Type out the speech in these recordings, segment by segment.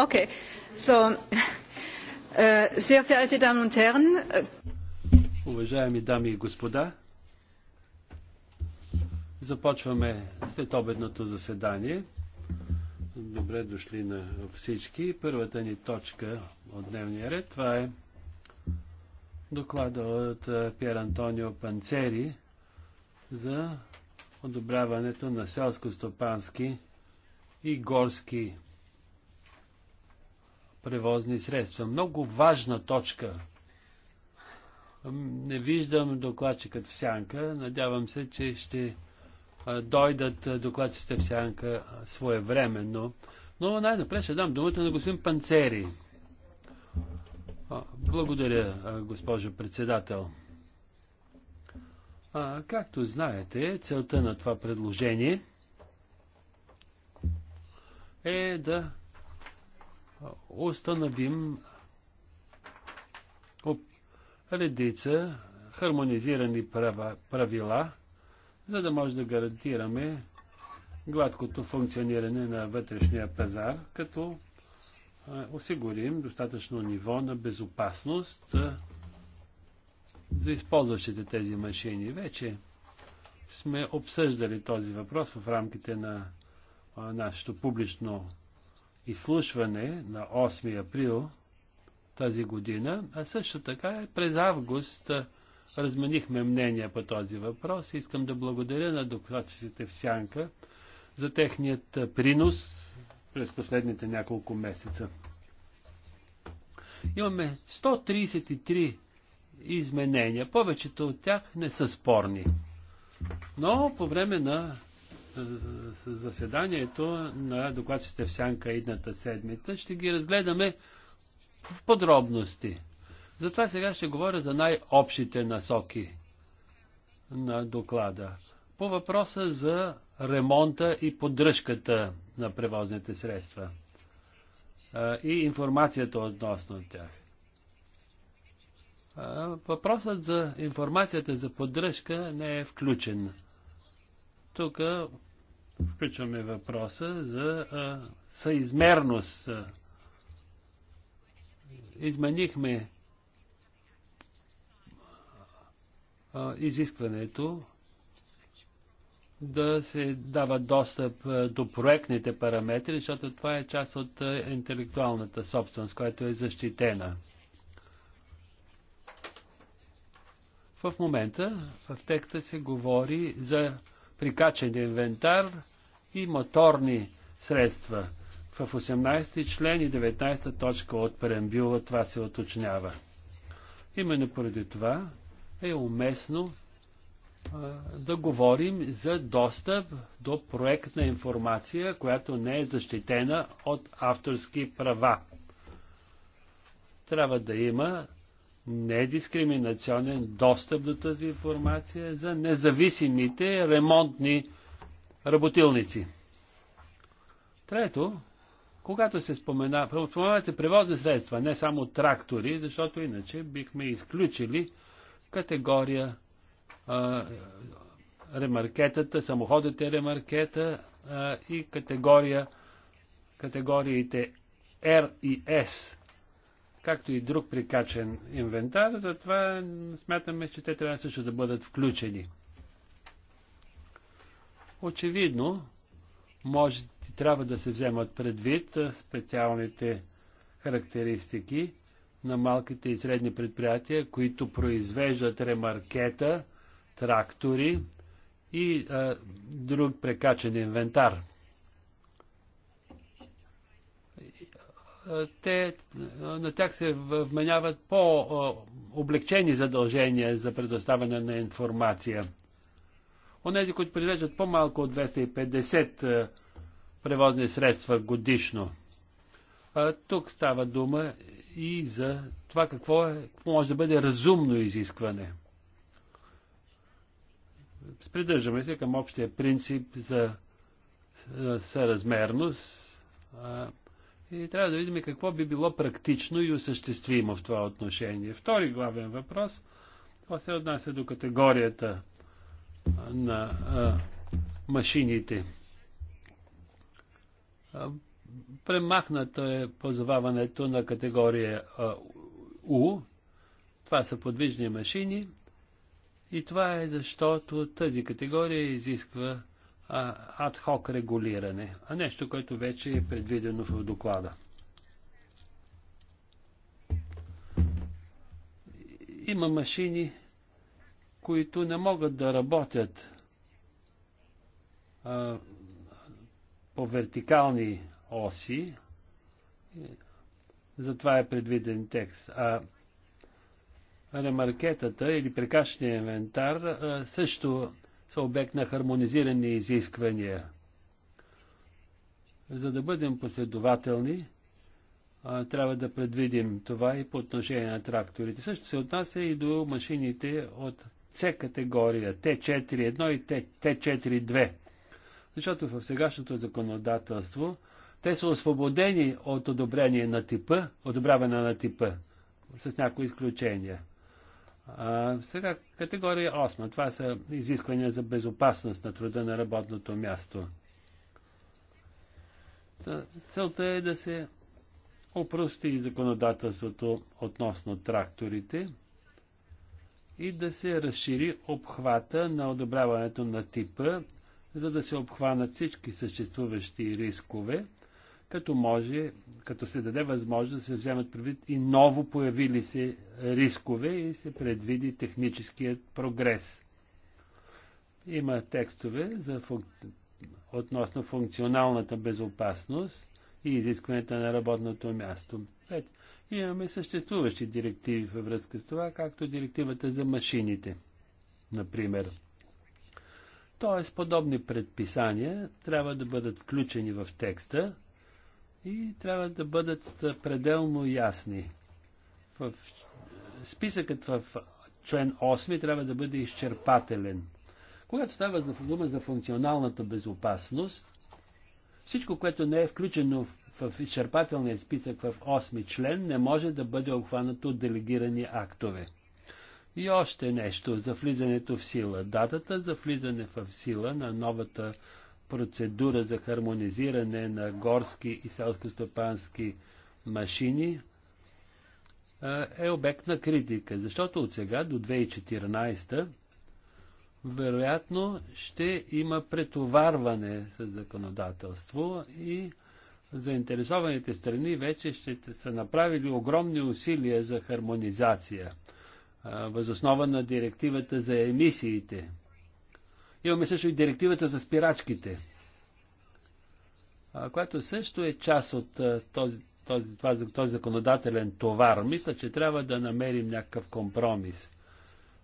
Okay. So, äh, sehr verehrte Damen und Herren. Äh, Уважаеми дами и господа, започваме след обедното заседание. Добре дошли на всички. Първата ни точка от дневния ред, това е доклада от е, Пьер Антонио Панцери за одобряването на селско-стопански и горски превозни средства. Много важна точка. Не виждам докладчикът в сянка. Надявам се, че ще дойдат докладчите в сянка своевременно. Но най-напред ще дам думата на господин Панцери. Благодаря, госпожо председател. А, както знаете, целта на това предложение е да установим редица хармонизирани права, правила, за да може да гарантираме гладкото функциониране на вътрешния пазар, като осигурим достатъчно ниво на безопасност за използващите тези машини. Вече сме обсъждали този въпрос в рамките на нашето публично изслушване на 8 април тази година, а също така е през август разменихме мнения по този въпрос. Искам да благодаря на докладчиците в Сянка за техният принос през последните няколко месеца. Имаме 133 изменения. Повечето от тях не са спорни. Но по време на заседанието на докладчите в Сянка едната седмица ще ги разгледаме в подробности. Затова сега ще говоря за най-общите насоки на доклада. По въпроса за ремонта и поддръжката на превозните средства и информацията относно тях. Въпросът за информацията за поддръжка не е включен тук включваме въпроса за а, съизмерност. Изменихме а, изискването да се дава достъп до проектните параметри, защото това е част от интелектуалната собственост, която е защитена. В момента в текста се говори за прикачен инвентар и моторни средства. В 18 член и 19 точка от преамбюла това се оточнява. Именно поради това е уместно да говорим за достъп до проектна информация, която не е защитена от авторски права. Трябва да има недискриминационен достъп до тази информация за независимите ремонтни работилници. Трето, когато се спомена, споменават се превозни средства, не само трактори, защото иначе бихме изключили категория а, ремаркетата, самоходите ремаркета а, и категория, категориите R и S както и друг прикачен инвентар, затова смятаме, че те трябва също да бъдат включени. Очевидно, може трябва да се вземат предвид специалните характеристики на малките и средни предприятия, които произвеждат ремаркета, трактори и а, друг прекачен инвентар. Е, те, е, на тях се вменяват по-облегчени задължения за предоставяне на информация. Онези, които превеждат по-малко от 250 е, превозни средства годишно. Тук става дума и за това какво, е, какво може да бъде разумно изискване. Придържаме се към общия принцип за съразмерност и трябва да видим какво би било практично и осъществимо в това отношение. Втори главен въпрос, това се отнася до категорията на а, машините. А, премахнато е позоваването на категория а, У. Това са подвижни машини. И това е защото тази категория изисква адхок регулиране, а нещо, което вече е предвидено в доклада. Има машини, които не могат да работят а, по вертикални оси. Затова е предвиден текст. А ремаркетата или прикашния инвентар а, също са обект на хармонизирани изисквания. За да бъдем последователни, трябва да предвидим това и по отношение на тракторите. Също се отнася и до машините от С категория, Т4-1 и Т4-2. Защото в сегашното законодателство те са освободени от одобрение на типа, одобряване на типа, с някои изключения. А, сега категория 8. Това са изисквания за безопасност на труда на работното място. Целта е да се опрости законодателството относно тракторите и да се разшири обхвата на одобряването на типа, за да се обхванат всички съществуващи рискове като може, като се даде възможност да се вземат предвид и ново появили се рискове и се предвиди техническият прогрес. Има текстове за функ... относно функционалната безопасност и изискването на работното място. Ето, имаме съществуващи директиви във връзка с това, както директивата за машините, например. Тоест, подобни предписания трябва да бъдат включени в текста, и трябва да бъдат пределно ясни. В списъкът в член 8 трябва да бъде изчерпателен. Когато става дума за функционалната безопасност, всичко, което не е включено в, в изчерпателния списък в 8 член, не може да бъде обхванато от делегирани актове. И още нещо за влизането в сила. Датата за влизане в сила на новата процедура за хармонизиране на горски и селско-стопански машини е обект на критика, защото от сега до 2014 вероятно ще има претоварване с законодателство и заинтересованите страни вече ще са направили огромни усилия за хармонизация възоснова на директивата за емисиите. Имаме също и директивата за спирачките, която също е част от този, този, този, този законодателен товар. Мисля, че трябва да намерим някакъв компромис.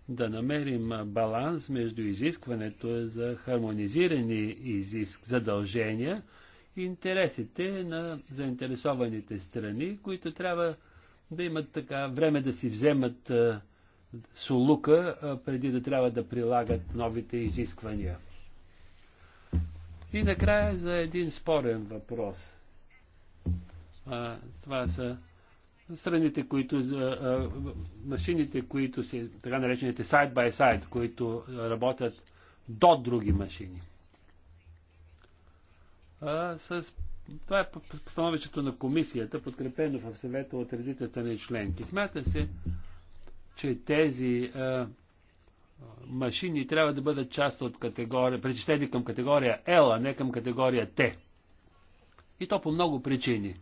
Да намерим баланс между изискването за хармонизирани изиск задължения и интересите на заинтересованите страни, които трябва да имат така време да си вземат а, Сулука, преди да трябва да прилагат новите изисквания. И накрая за един спорен въпрос. А, това са страните, които, а, машините, които се, така наречените side by side, които работят до други машини. А, с, това е постановището на комисията, подкрепено в съвета от редица на членки. Смята се, че тези а, машини трябва да бъдат част от категория, причислени към категория L, а не към категория T. И то по много причини.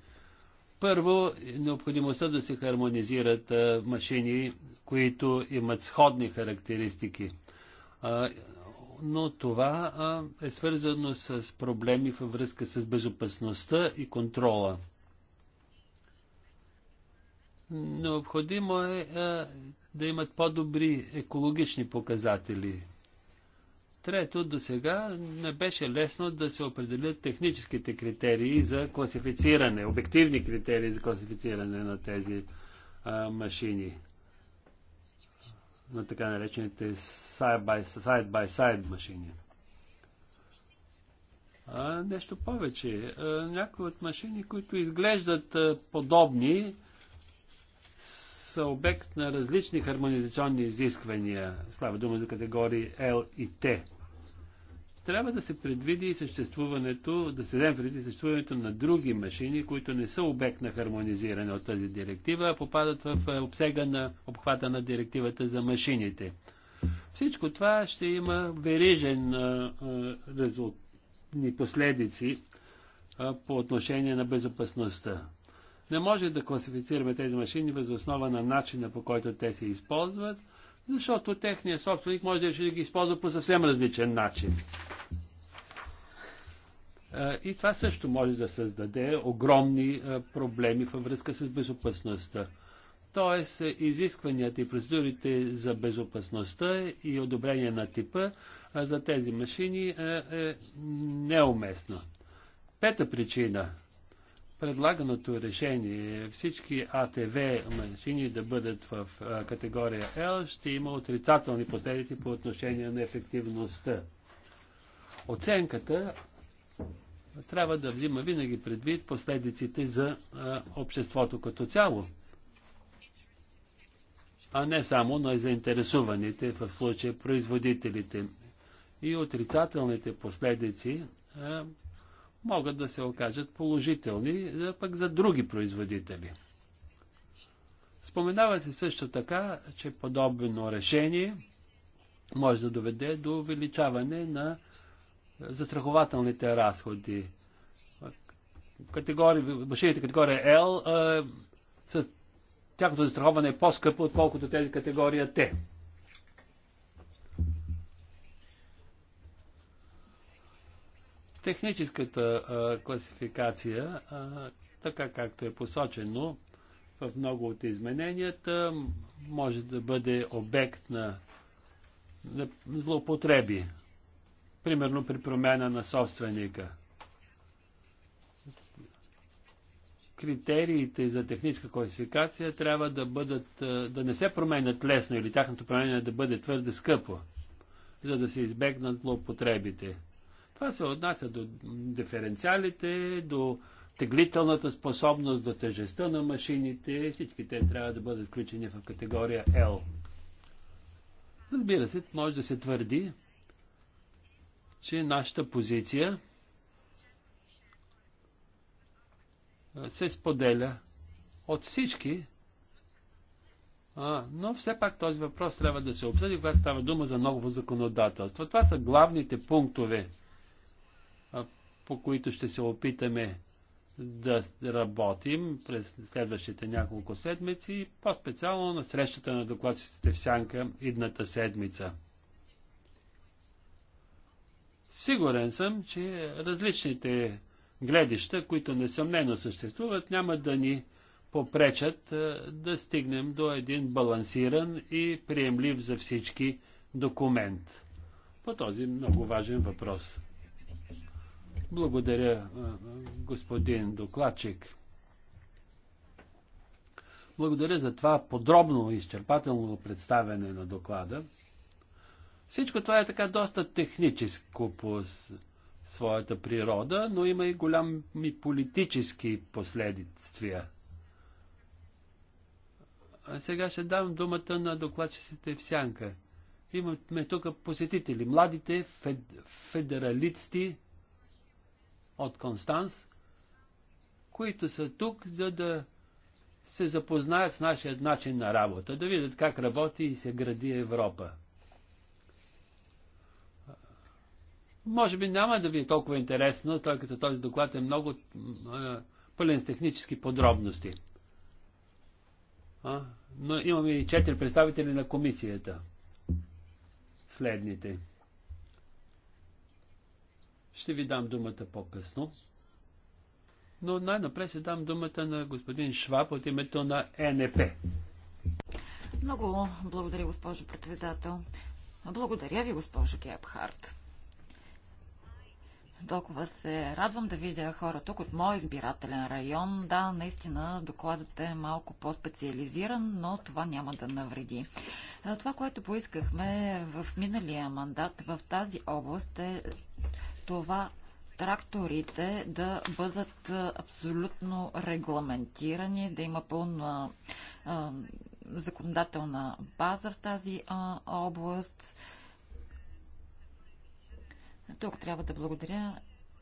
Първо, необходимостта да се хармонизират а, машини, които имат сходни характеристики. А, но това а, е свързано с проблеми във връзка с безопасността и контрола. Необходимо е, е да имат по-добри екологични показатели. Трето, до сега не беше лесно да се определят техническите критерии за класифициране, обективни критерии за класифициране на тези а, е, машини, на така наречените side-by-side side машини. А, нещо повече. А, е, някои от машини, които изглеждат а, подобни, са обект на различни хармонизационни изисквания. Слава дума за категории L и T. Трябва да се предвиди съществуването, да се дадем преди съществуването на други машини, които не са обект на хармонизиране от тази директива, а попадат в е, обсега на обхвата на директивата за машините. Всичко това ще има верижен е, е, резултат последици по отношение на безопасността. Не може да класифицираме тези машини въз основа на начина по който те се използват, защото техният собственик може да реши да ги използва по съвсем различен начин. Е, и това също може да създаде огромни е, проблеми във връзка с безопасността. Тоест, е, изискванията и процедурите за безопасността и одобрение на типа за тези машини е неуместно. Пета причина – предлаганото решение всички АТВ машини да бъдат в категория L ще има отрицателни последици по отношение на ефективността. Оценката трябва да взима винаги предвид последиците за обществото като цяло, а не само на заинтересуваните, в случая производителите. И отрицателните последици могат да се окажат положителни за, пък за други производители. Споменава се също така, че подобно решение може да доведе до увеличаване на застрахователните разходи. Категори, машините категория L, с, тяхното застраховане е по-скъпо, отколкото тези категория T. Техническата а, класификация, а, така както е посочено в много от измененията, може да бъде обект на, на злоупотреби. Примерно при промяна на собственика. Критериите за техническа класификация трябва да бъдат, да не се променят лесно или тяхното променяне да бъде твърде скъпо, за да се избегнат злоупотребите. Това се отнася до диференциалите, до теглителната способност, до тежестта на машините. Всички те трябва да бъдат включени в категория L. Разбира се, може да се твърди, че нашата позиция се споделя от всички, но все пак този въпрос трябва да се обсъди, когато става дума за ново законодателство. Това са главните пунктове по които ще се опитаме да работим през следващите няколко седмици, по-специално на срещата на докладчиците в Сянка идната седмица. Сигурен съм, че различните гледища, които несъмнено съществуват, няма да ни попречат да стигнем до един балансиран и приемлив за всички документ по този много важен въпрос. Благодаря, господин докладчик. Благодаря за това подробно и изчерпателно представяне на доклада. Всичко това е така доста техническо по своята природа, но има и голями политически последствия. А сега ще дам думата на докладчиците в Сянка. Имаме тук посетители, младите фед, федералисти от Констанс, които са тук, за да се запознаят с нашия начин на работа, да видят как работи и се гради Европа. Може би няма да ви е толкова интересно, тъй като този доклад е много пълен с технически подробности. А? Но имаме и четири представители на комисията. Следните. Ще ви дам думата по-късно. Но най-напред ще дам думата на господин Шваб от името на е НП. Много благодаря, госпожо председател. Благодаря ви, госпожо Гебхарт. Толкова се радвам да видя хора тук от моят избирателен район. Да, наистина докладът е малко по-специализиран, но това няма да навреди. Е, това, което поискахме в миналия мандат в тази област е това тракторите да бъдат абсолютно регламентирани, да има пълна а, законодателна база в тази а, област. Тук трябва да благодаря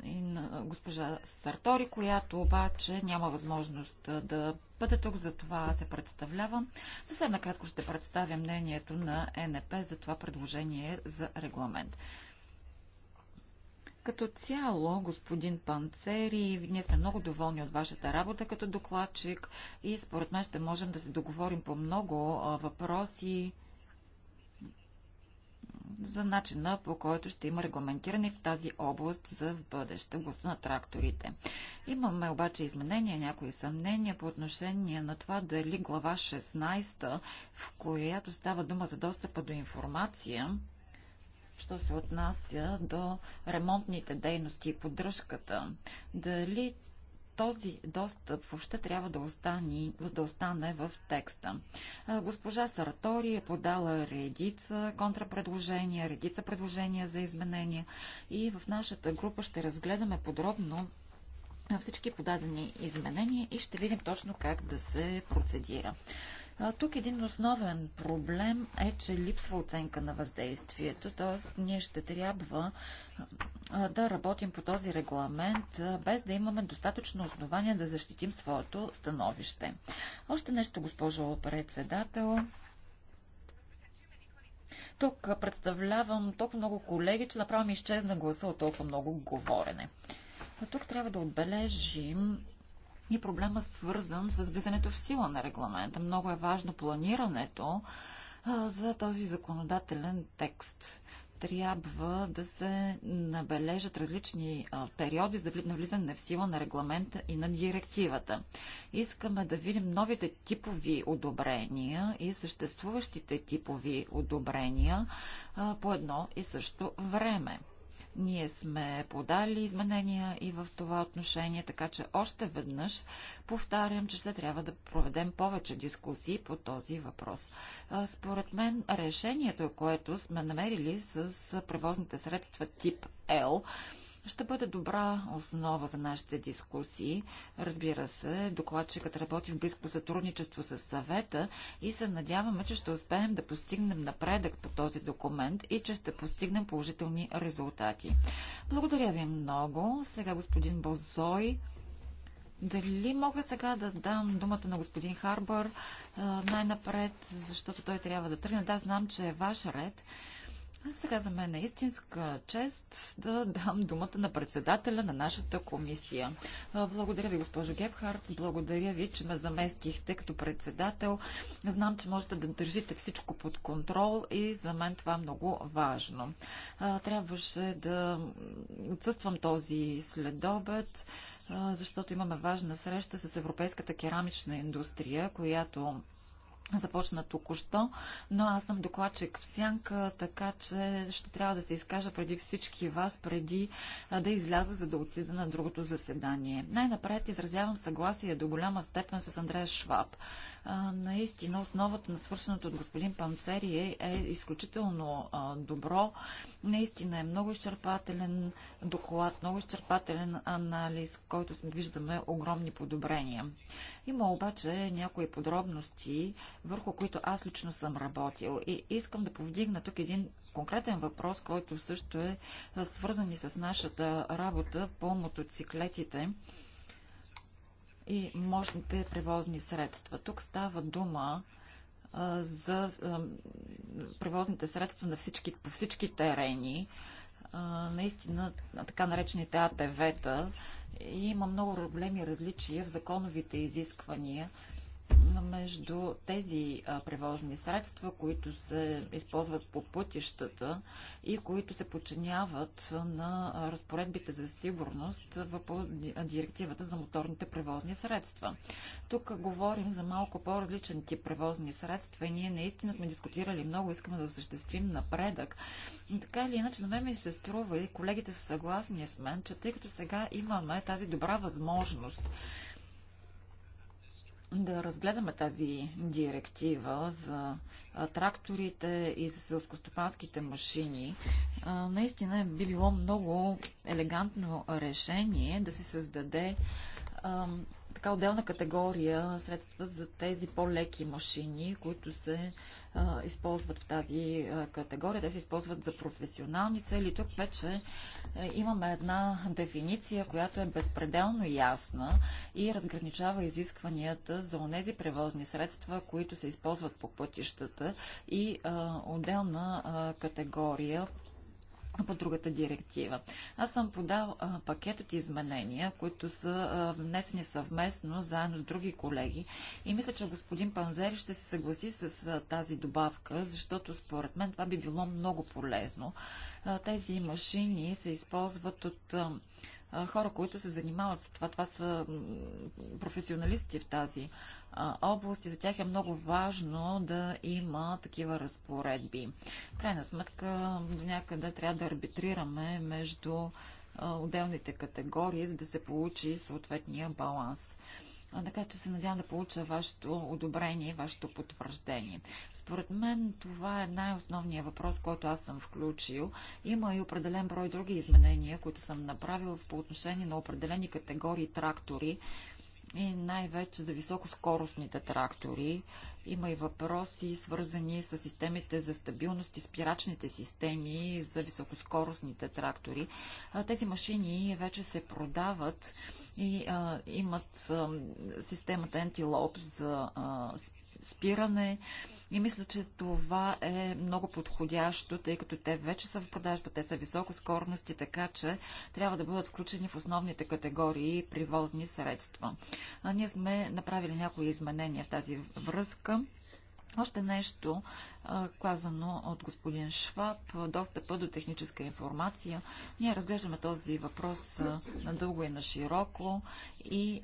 и на госпожа Сартори, която обаче няма възможност да бъде тук, за това се представлявам. Съвсем накратко ще представя мнението на НП за това предложение за регламент. Като цяло, господин Панцери, ние сме много доволни от вашата работа като докладчик и според мен ще можем да се договорим по много въпроси за начина по който ще има регламентиране в тази област за в бъдеще, областта на тракторите. Имаме обаче изменения, някои съмнения по отношение на това дали глава 16, в която става дума за достъпа до информация, що се отнася до ремонтните дейности и поддръжката. Дали този достъп въобще трябва да остане, да остане в текста. Госпожа Саратори е подала редица контрапредложения, редица предложения за изменения и в нашата група ще разгледаме подробно всички подадени изменения и ще видим точно как да се процедира. Тук един основен проблем е, че липсва оценка на въздействието, т.е. ние ще трябва да работим по този регламент, без да имаме достатъчно основания да защитим своето становище. Още нещо, госпожо председател. Тук представлявам толкова много колеги, че направо ми изчезна гласа от толкова много говорене. тук трябва да отбележим и проблема свързан с влизането в сила на регламента. Много е важно планирането а, за този законодателен текст. Трябва да се набележат различни а, периоди за навлизане в сила на регламента и на директивата. Искаме да видим новите типови одобрения и съществуващите типови одобрения а, по едно и също време. Ние сме подали изменения и в това отношение, така че още веднъж повтарям, че ще трябва да проведем повече дискусии по този въпрос. Според мен решението, което сме намерили с превозните средства тип L, ще бъде добра основа за нашите дискусии. Разбира се, докладчикът работи в близко сътрудничество с съвета и се надяваме, че ще успеем да постигнем напредък по този документ и че ще постигнем положителни резултати. Благодаря ви много. Сега господин Бозой. Дали мога сега да дам думата на господин Харбър най-напред, защото той трябва да тръгне? Да, знам, че е ваш ред. А сега за мен е истинска чест да дам думата на председателя на нашата комисия. Благодаря ви, госпожо Гебхарт. Благодаря ви, че ме заместихте като председател. Знам, че можете да държите всичко под контрол и за мен това е много важно. Трябваше да отсъствам този следобед, защото имаме важна среща с Европейската керамична индустрия, която започна току-що, но аз съм докладчик в сянка, така че ще трябва да се изкажа преди всички вас, преди да изляза, за да отида на другото заседание. Най-напред изразявам съгласие до голяма степен с Андрея Шваб наистина основата на свършеното от господин Панцери е, е изключително а, добро. Наистина е много изчерпателен доклад, много изчерпателен анализ, който виждаме огромни подобрения. Има обаче някои подробности, върху които аз лично съм работил. И искам да повдигна тук един конкретен въпрос, който също е свързан и с нашата работа по мотоциклетите и мощните превозни средства. Тук става дума а, за а, превозните средства на всички, по всички терени. А, наистина, на така наречените АТВ-та има много големи различия в законовите изисквания между тези превозни средства, които се използват по пътищата и които се подчиняват на разпоредбите за сигурност в директивата за моторните превозни средства. Тук говорим за малко по-различен тип превозни средства и ние наистина сме дискутирали много, искаме да осъществим напредък. Но така или иначе, на мен ми се струва и колегите са съгласни с мен, че тъй като сега имаме тази добра възможност да разгледаме тази директива за тракторите и за селскостопанските машини, наистина би е било много елегантно решение да се създаде така отделна категория средства за тези по-леки машини, които се а, използват в тази а, категория. Те се използват за професионални цели. Тук вече а, е, имаме една дефиниция, която е безпределно ясна и разграничава изискванията за онези превозни средства, които се използват по пътищата и а, отделна а, категория по другата директива. Аз съм подал а, пакет от изменения, които са а, внесени съвместно заедно с други колеги и мисля, че господин Панзери ще се съгласи с а, тази добавка, защото според мен това би било много полезно. Тези машини се използват от хора, които се занимават с това. Това са професионалисти в тази област и за тях е много важно да има такива разпоредби. В крайна сметка, до някъде трябва да арбитрираме между отделните категории, за да се получи съответния баланс така че се надявам да получа вашето одобрение, вашето потвърждение. Според мен това е най-основният въпрос, който аз съм включил. Има и определен брой други изменения, които съм направил по отношение на определени категории трактори и най-вече за високоскоростните трактори има и въпроси, свързани с системите за стабилност и спирачните системи за високоскоростните трактори. Тези машини вече се продават и а, имат а, системата Antilope за а, спиране. А, и мисля, че това е много подходящо, тъй като те вече са в продажба, те са високо скорности, така че трябва да бъдат включени в основните категории привозни средства. А ние сме направили някои изменения в тази връзка. Още нещо, казано от господин Шваб, достъпа до техническа информация. Ние разглеждаме този въпрос надълго и на широко и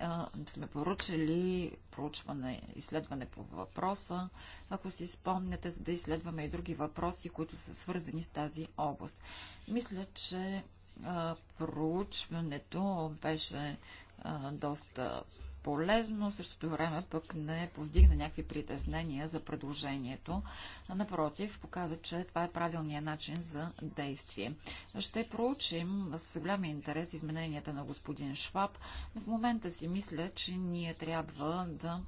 сме поручили проучване, изследване по въпроса, ако си спомняте, за да изследваме и други въпроси, които са свързани с тази област. Мисля, че проучването беше доста полезно, същото време пък не повдигна някакви притеснения за предложението. Напротив, показа, че това е правилният начин за действие. Ще проучим с голям интерес измененията на господин Шваб, но в момента си мисля, че ние трябва да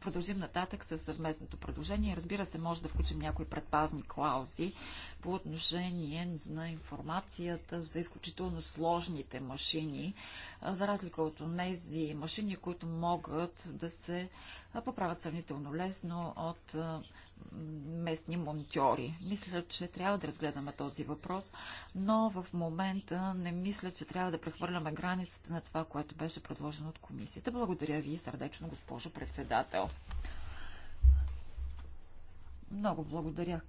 продължим нататък с съвместното предложение. Разбира се, може да включим някои предпазни клаузи по отношение на информацията за изключително сложните машини, за разлика от тези машини, които могат да се поправят сравнително лесно от местни монтьори. Мисля, че трябва да разгледаме този въпрос, но в момента не мисля, че трябва да прехвърляме границата на това, което беше предложено от комисията. Благодаря ви сърдечно, госпожо председател. Много благодаря,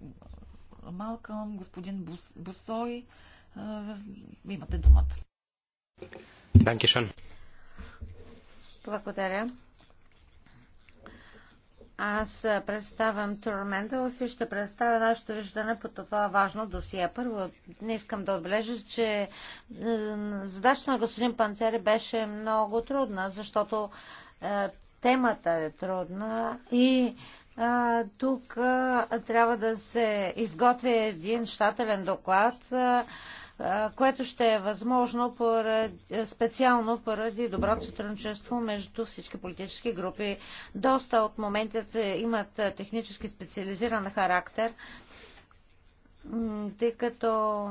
Малкам, господин Бусой. Имате думата. Благодаря. Аз представям Турмендалс и ще представя нашето виждане по това важно досие. Първо, не искам да отбележа, че задачата на господин Панцери беше много трудна, защото е, темата е трудна и е, тук е, трябва да се изготви един щателен доклад. Е, което ще е възможно поради, специално поради доброто сътрудничество между всички политически групи. Доста от моментите имат технически специализиран характер, тъй като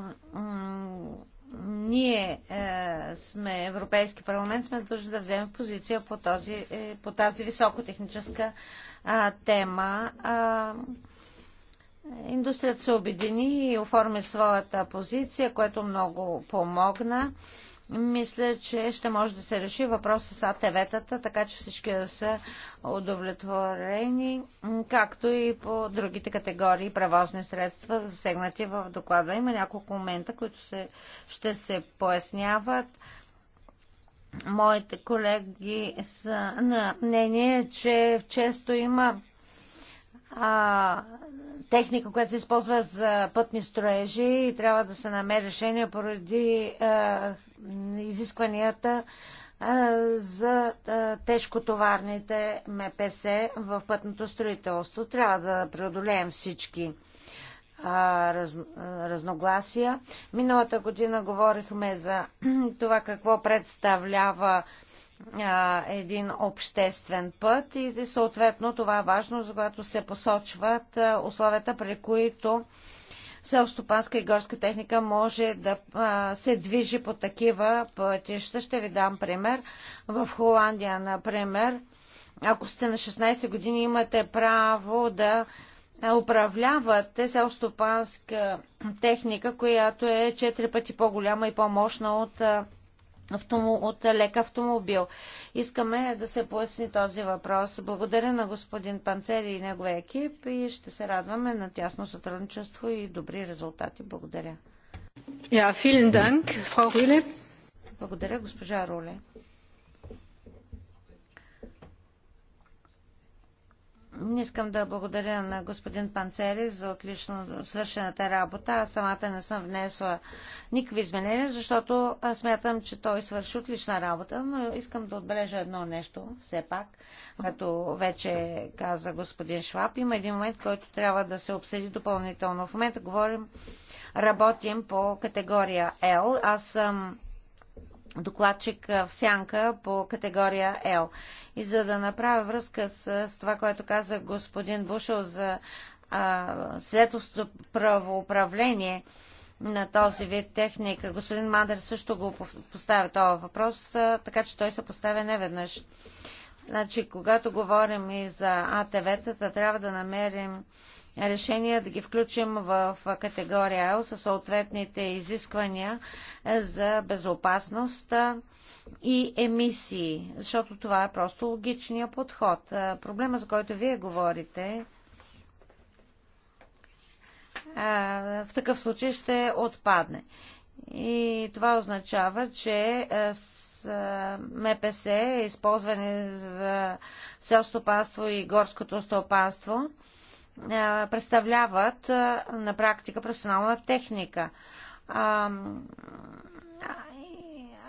ние е, сме Европейски парламент, сме дължи да вземем позиция по, този, е, по тази високотехническа е, тема. Е, Индустрията се обедини и оформи своята позиция, което много помогна. Мисля, че ще може да се реши въпрос с АТВ-тата, така че всички да са удовлетворени, както и по другите категории превозни средства, засегнати в доклада. Има няколко момента, които се, ще се поясняват. Моите колеги са на мнение, че често има а, техника, която се използва за пътни строежи и трябва да се намери решение поради а, изискванията а, за а, тежкотоварните МПС в пътното строителство. Трябва да преодолеем всички раз, разногласия. Миналата година говорихме за това какво представлява а, а, един обществен път и съответно това е важно, за което се посочват а, условията, при които селстопанска и горска техника може да а, се движи по такива пътища. Ще ви дам пример. В Холандия, например, ако сте на 16 години, имате право да управлявате селстопанска техника, която е 4 пъти по-голяма и по-мощна от от лек автомобил. Искаме да се поясни този въпрос. Благодаря на господин Панцери и неговия екип и ще се радваме на тясно сътрудничество и добри резултати. Благодаря. Благодаря, госпожа Руле. Не Искам да благодаря на господин Панцери за отлично свършената работа. Аз самата не съм внесла никакви изменения, защото аз смятам, че той свърши отлична работа, но искам да отбележа едно нещо, все пак, като вече каза господин Шваб. Има един момент, който трябва да се обсъди допълнително. В момента говорим, работим по категория L. Аз съм докладчик в сянка по категория Л. И за да направя връзка с, с това, което каза господин Бушел за следващото правоуправление на този вид техника, господин Мадър също го поставя този въпрос, а, така че той се поставя неведнъж. Значи, когато говорим и за АТВ-тата, трябва да намерим решение да ги включим в категория L със съответните изисквания е, за безопасност е, и емисии, защото това е просто логичния подход. Е, проблема, за който вие говорите, в такъв случай ще отпадне. И това означава, че МПС е използване за селско и горското стопанство е, представляват е, на практика професионална техника.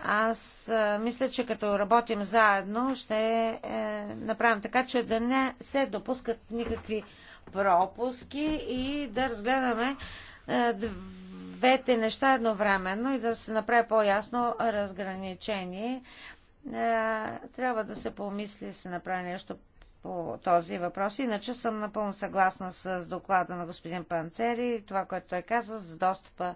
Аз е, мисля, че като работим заедно, ще направим така, че да не се допускат никакви пропуски и да разгледаме двете неща едновременно и да се направи по-ясно разграничение. Трябва да се помисли, се направи нещо по този въпрос. Иначе съм напълно съгласна с доклада на господин Панцери и това, което той каза за достъпа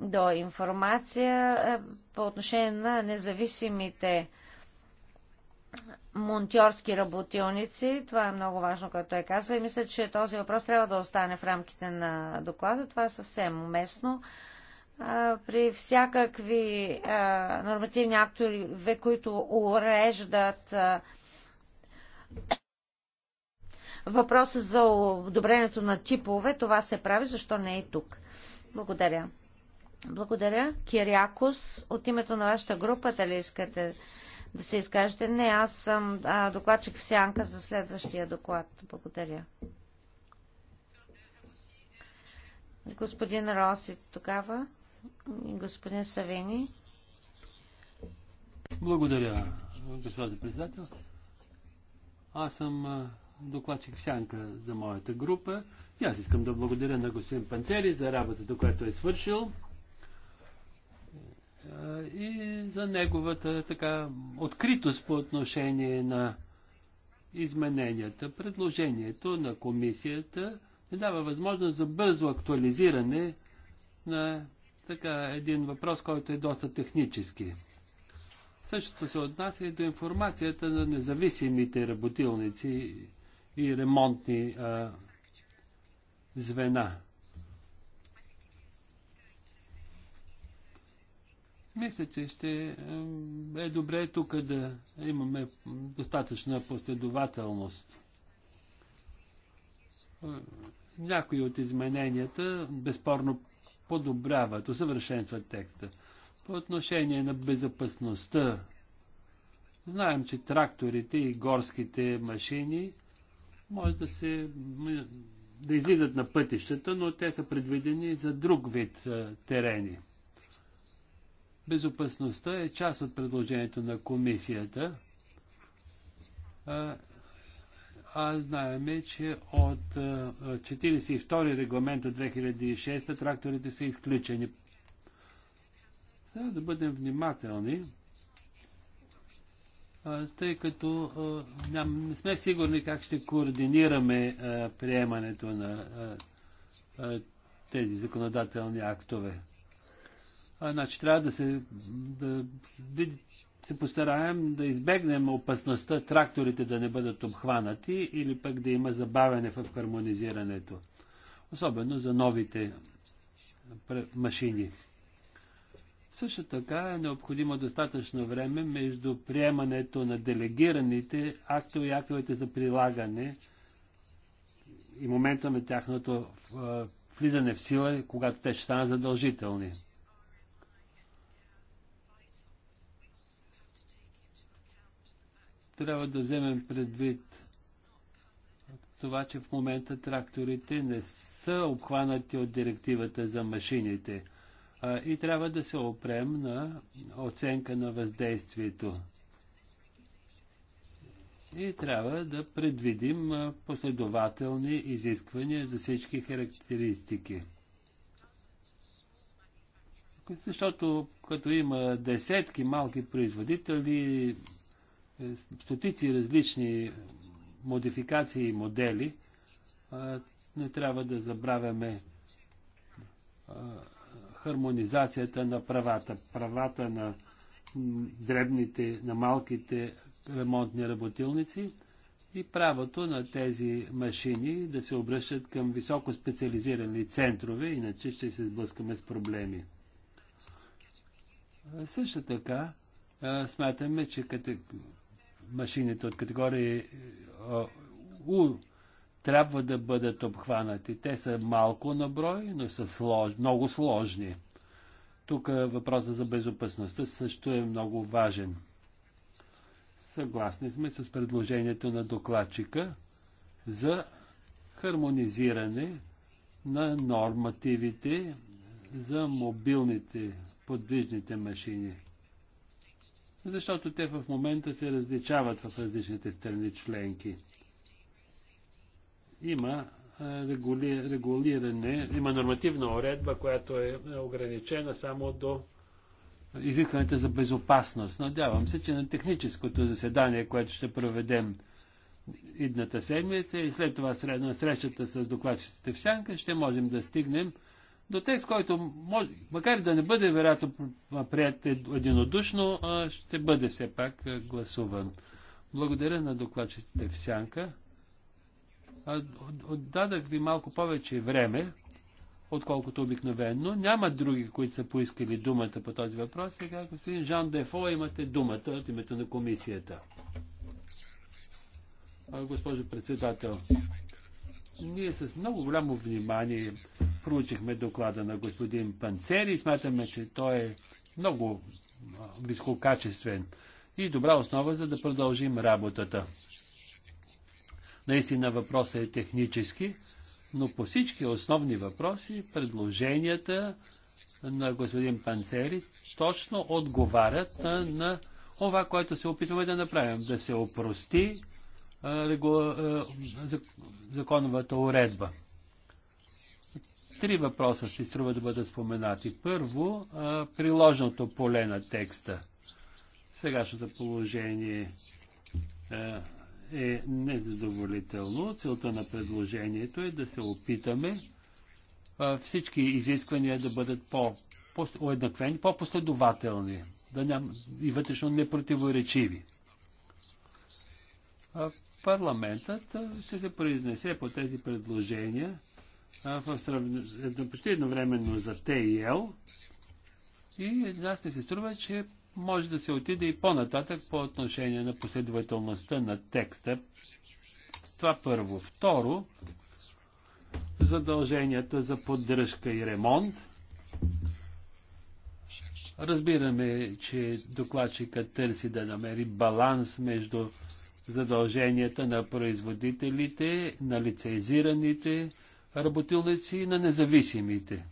до информация е, по отношение на независимите монтьорски работилници. Това е много важно, което той казва и мисля, че този въпрос трябва да остане в рамките на доклада. Това е съвсем уместно. При всякакви нормативни актори, които уреждат Въпросът за одобрението на типове, това се прави, защо не е и тук. Благодаря. Благодаря. Кирякос, от името на вашата група, дали искате да се изкажете? Не, аз съм а, докладчик в сянка за следващия доклад. Благодаря. Господин Роси тогава и господин Савини. Благодаря, госпожо председател. Аз съм докладчик в Сянка за моята група и аз искам да благодаря на господин Панцери за работата, която е свършил и за неговата така откритост по отношение на измененията. Предложението на комисията не дава възможност за бързо актуализиране на така един въпрос, който е доста технически. Същото се отнася и до информацията на независимите работилници и ремонтни а, звена. Мисля, че ще е добре тук да имаме достатъчна последователност. Някои от измененията безспорно подобряват, усъвършенстват текста. По отношение на безопасността, знаем, че тракторите и горските машини може да се да излизат на пътищата, но те са предвидени за друг вид а, терени. Безопасността е част от предложението на комисията. А, а знаем, че от 42 регламент от 2006 тракторите са изключени трябва да бъдем внимателни, тъй като не сме сигурни как ще координираме приемането на тези законодателни актове. значи трябва да се, да, да се постараем да избегнем опасността тракторите да не бъдат обхванати или пък да има забавяне в хармонизирането. Особено за новите машини. Също така е необходимо достатъчно време между приемането на делегираните актове и актовете за прилагане и момента на тяхното влизане в сила, когато те ще станат задължителни. Трябва да вземем предвид това, че в момента тракторите не са обхванати от директивата за машините – а, и трябва да се опрем на оценка на въздействието. И трябва да предвидим последователни изисквания за всички характеристики. Защото като има десетки малки производители, е, стотици различни модификации и модели, не трябва да забравяме хармонизацията на правата. Правата на дребните, на малките ремонтни работилници и правото на тези машини да се обръщат към високо специализирани центрове, иначе ще се сблъскаме с проблеми. Също така, смятаме, че като... машините от категория трябва да бъдат обхванати. Те са малко на брой, но са слож... много сложни. Тук въпросът за безопасността също е много важен. Съгласни сме с предложението на докладчика за хармонизиране на нормативите за мобилните подвижните машини. Защото те в момента се различават в различните страни членки. Има регулиране, има нормативна уредба, която е, е ограничена само до изискването за безопасност. Надявам се, че на техническото заседание, което ще проведем идната седмица и след това на срещата с докладчиците в Сянка, ще можем да стигнем до текст, който, може, макар да не бъде вероятно прият е единодушно, ще бъде все пак гласуван. Благодаря на докладчиците в Сянка. Дадах ви малко повече време, отколкото обикновено. Няма други, които са поискали думата по този въпрос. Сега, господин Жан Дефо, имате думата от името на комисията. Госпожо председател, ние с много голямо внимание проучихме доклада на господин Панцери и смятаме, че той е много висококачествен и добра основа, за да продължим работата. Наистина въпросът е технически, но по всички основни въпроси предложенията на господин Панцери точно отговарят на, на това, което се опитваме да направим. Да се опрости а, регу... а, законовата уредба. Три въпроса си струва да бъдат споменати. Първо, а, приложното поле на текста. Сегашното положение е незадоволително. Целта на предложението е да се опитаме а, всички изисквания да бъдат по-уеднаквени, по по-последователни, да ням, и вътрешно непротиворечиви. А, парламентът ще се произнесе по тези предложения а, в срав... едно, почти едновременно за ТИЛ и нас не се струва, че може да се отиде и по-нататък по отношение на последователността на текста. Това първо. Второ, задълженията за поддръжка и ремонт. Разбираме, че докладчика търси да намери баланс между задълженията на производителите, на лицензираните работилници и на независимите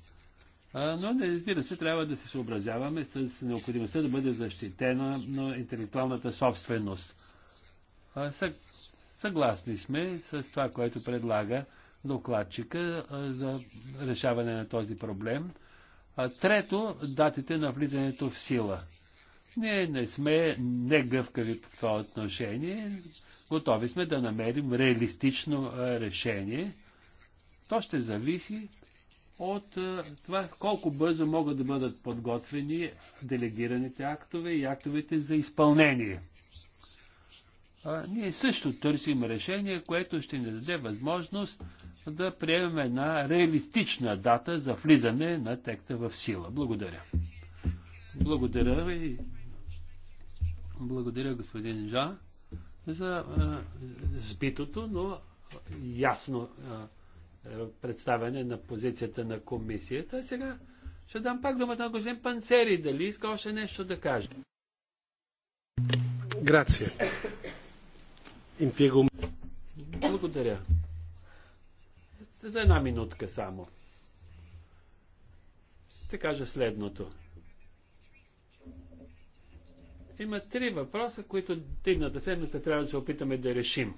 но не, разбира се, трябва да се съобразяваме с необходимостта да бъде защитена на интелектуалната собственост. Съгласни сме с това, което предлага докладчика за решаване на този проблем. Трето, датите на влизането в сила. Ние не сме негъвкави в това отношение. Готови сме да намерим реалистично решение. То ще зависи от е, това колко бързо могат да бъдат подготвени делегираните актове и актовете за изпълнение. А, ние също търсим решение, което ще ни даде възможност да приемем една реалистична дата за влизане на текста в сила. Благодаря. Благодаря ви. Благодаря, господин Жа, за а, сбитото, но ясно а, е, представяне на позицията на комисията. Сега ще дам пак думата на господин Панцери, дали иска още нещо да каже. Грация. Импего. Благодаря. За една минутка само. Ще кажа следното. Има три въпроса, които дигната седмица трябва да се опитаме да решим.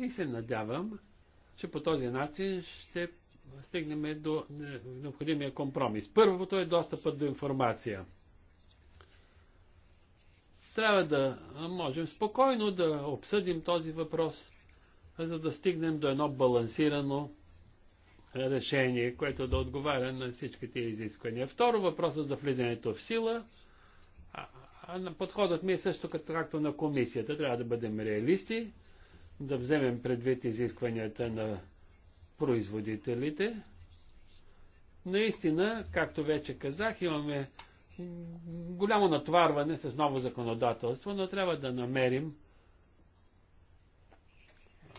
И се надявам, че по този начин ще стигнем до необходимия компромис. Първото е достъпът до информация. Трябва да можем спокойно да обсъдим този въпрос, за да стигнем до едно балансирано решение, което да отговаря на всичките изисквания. Второ въпросът за влизането в сила. подходът ми е също като, както на комисията. Трябва да бъдем реалисти, да вземем предвид изискванията на производителите. Наистина, както вече казах, имаме голямо натварване с ново законодателство, но трябва да намерим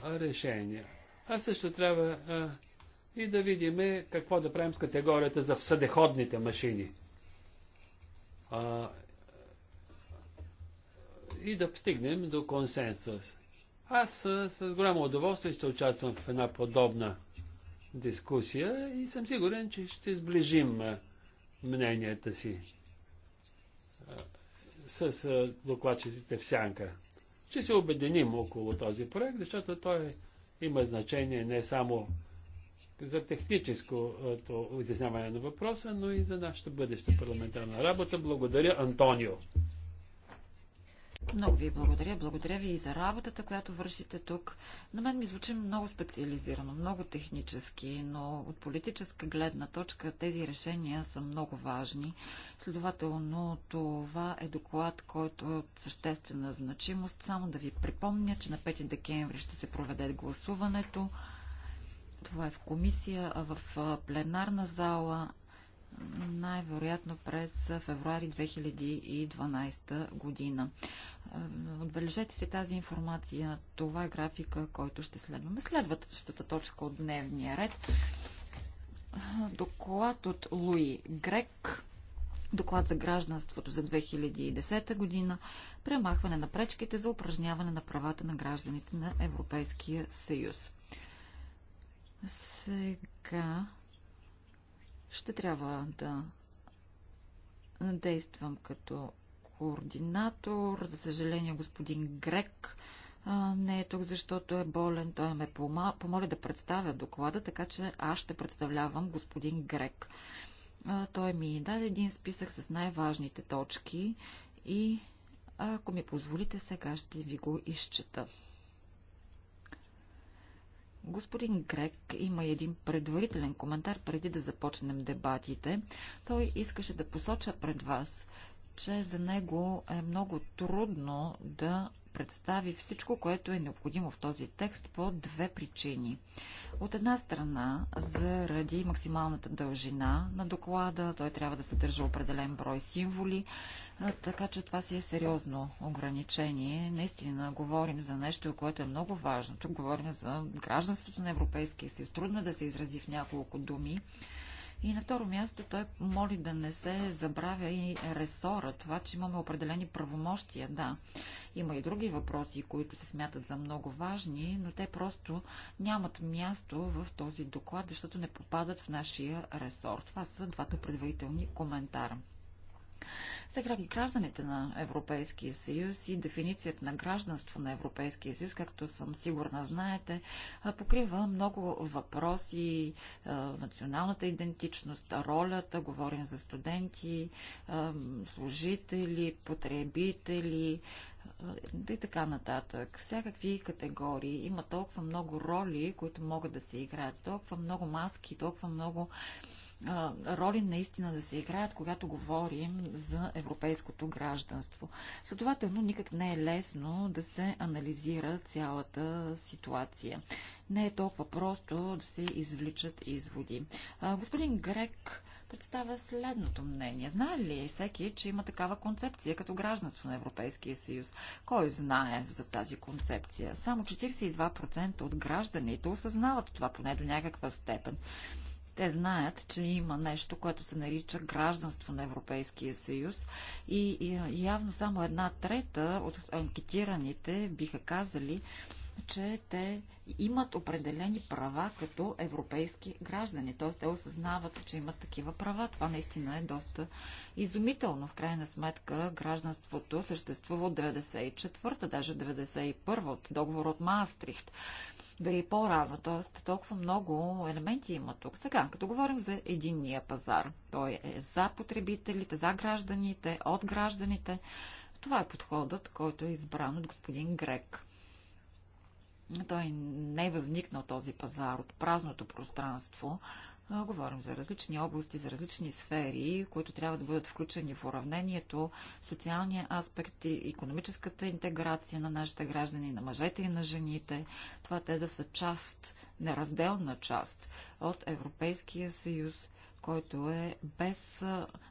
решение. А също трябва а, и да видим какво да правим с категорията за съдеходните машини. А, и да стигнем до консенсус. Аз с голямо удоволствие ще участвам в една подобна дискусия и съм сигурен, че ще сближим мненията си с докладчиците в сянка. Ще се обединим около този проект, защото той има значение не само за техническото изясняване на въпроса, но и за нашата бъдеща парламентарна работа. Благодаря, Антонио. Много ви благодаря. Благодаря ви и за работата, която вършите тук. На мен ми звучи много специализирано, много технически, но от политическа гледна точка тези решения са много важни. Следователно, това е доклад, който е от съществена значимост. Само да ви припомня, че на 5 декември ще се проведе гласуването. Това е в комисия, а в пленарна зала най-вероятно през февруари 2012 година. Е, отбележете се тази информация. Това е графика, който ще следваме. Следващата точка от дневния ред. Доклад от Луи Грек. Доклад за гражданството за 2010 година. Премахване на пречките за упражняване на правата на гражданите на Европейския съюз. Сега ще трябва да действам като координатор. За съжаление, господин Грек а, не е тук, защото е болен. Той ме помоли да представя доклада, така че аз ще представлявам господин Грек. А, той ми даде един списък с най-важните точки и ако ми позволите, сега ще ви го изчета. Господин Грек има един предварителен коментар преди да започнем дебатите. Той искаше да посоча пред вас, че за него е много трудно да представи всичко, което е необходимо в този текст по две причини. От една страна, заради максималната дължина на доклада, той трябва да съдържа определен брой символи, така че това си е сериозно ограничение. Наистина говорим за нещо, което е много важно. Тук говорим за гражданството на Европейския съюз. Трудно е да се изрази в няколко думи. И на второ място той моли да не се забравя и ресора, това, че имаме определени правомощия, да. Има и други въпроси, които се смятат за много важни, но те просто нямат място в този доклад, защото не попадат в нашия ресор. Това са двата предварителни коментара. Сега гражданите на Европейския съюз и дефиницията на гражданство на Европейския съюз, както съм сигурна знаете, покрива много въпроси, националната идентичност, ролята, говорим за студенти, служители, потребители, и така нататък. Всякакви категории. Има толкова много роли, които могат да се играят. Толкова много маски, толкова много роли наистина да се играят, когато говорим за европейското гражданство. Следователно, никак не е лесно да се анализира цялата ситуация. Не е толкова просто да се извличат изводи. Господин Грек представя следното мнение. Знае ли всеки, че има такава концепция като гражданство на Европейския съюз? Кой знае за тази концепция? Само 42% от гражданите осъзнават това поне до някаква степен. Те знаят, че има нещо, което се нарича гражданство на Европейския съюз и, явно само една трета от анкетираните биха казали, че те имат определени права като европейски граждани. Т.е. те осъзнават, че имат такива права. Това наистина е доста изумително. В крайна сметка гражданството съществува от 94-та, даже 91-та от договор от Маастрихт дори е по-рано. Т.е. толкова много елементи има тук. Сега, като говорим за единния пазар, той е за потребителите, за гражданите, от гражданите. Това е подходът, който е избран от господин Грек. Той не е възникнал този пазар от празното пространство, Говорим за различни области, за различни сфери, които трябва да бъдат включени в уравнението, социалния аспект и економическата интеграция на нашите граждани, на мъжете и на жените. Това те да са част, неразделна част от Европейския съюз който е без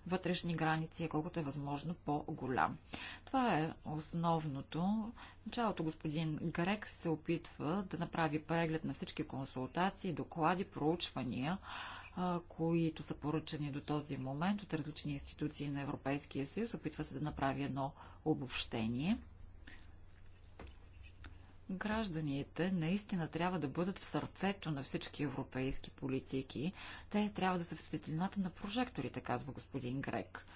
вътрешни граници, колкото е възможно по-голям. Това е основното. В началото господин Грек се опитва да направи преглед на всички консултации, доклади, проучвания, които са поръчани до този момент от различни институции на Европейския съюз. Опитва се да направи едно обобщение. Гражданите наистина трябва да бъдат в сърцето на всички европейски политики. Те трябва да са в светлината на прожекторите, казва господин Грек.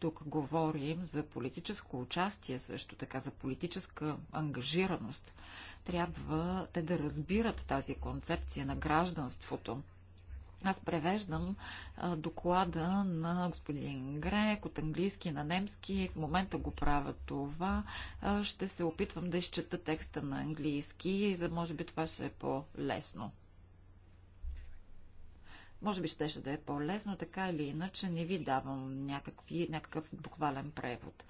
Тук говорим за политическо участие, също така за политическа ангажираност. Трябва те да разбират тази концепция на гражданството. Аз превеждам а, доклада на господин Грек от английски на немски. В момента го правя това. А, ще се опитвам да изчета текста на английски, за може би това ще е по-лесно. Може би щеше да е по-лесно, така или иначе не ви давам някакви, някакъв буквален превод.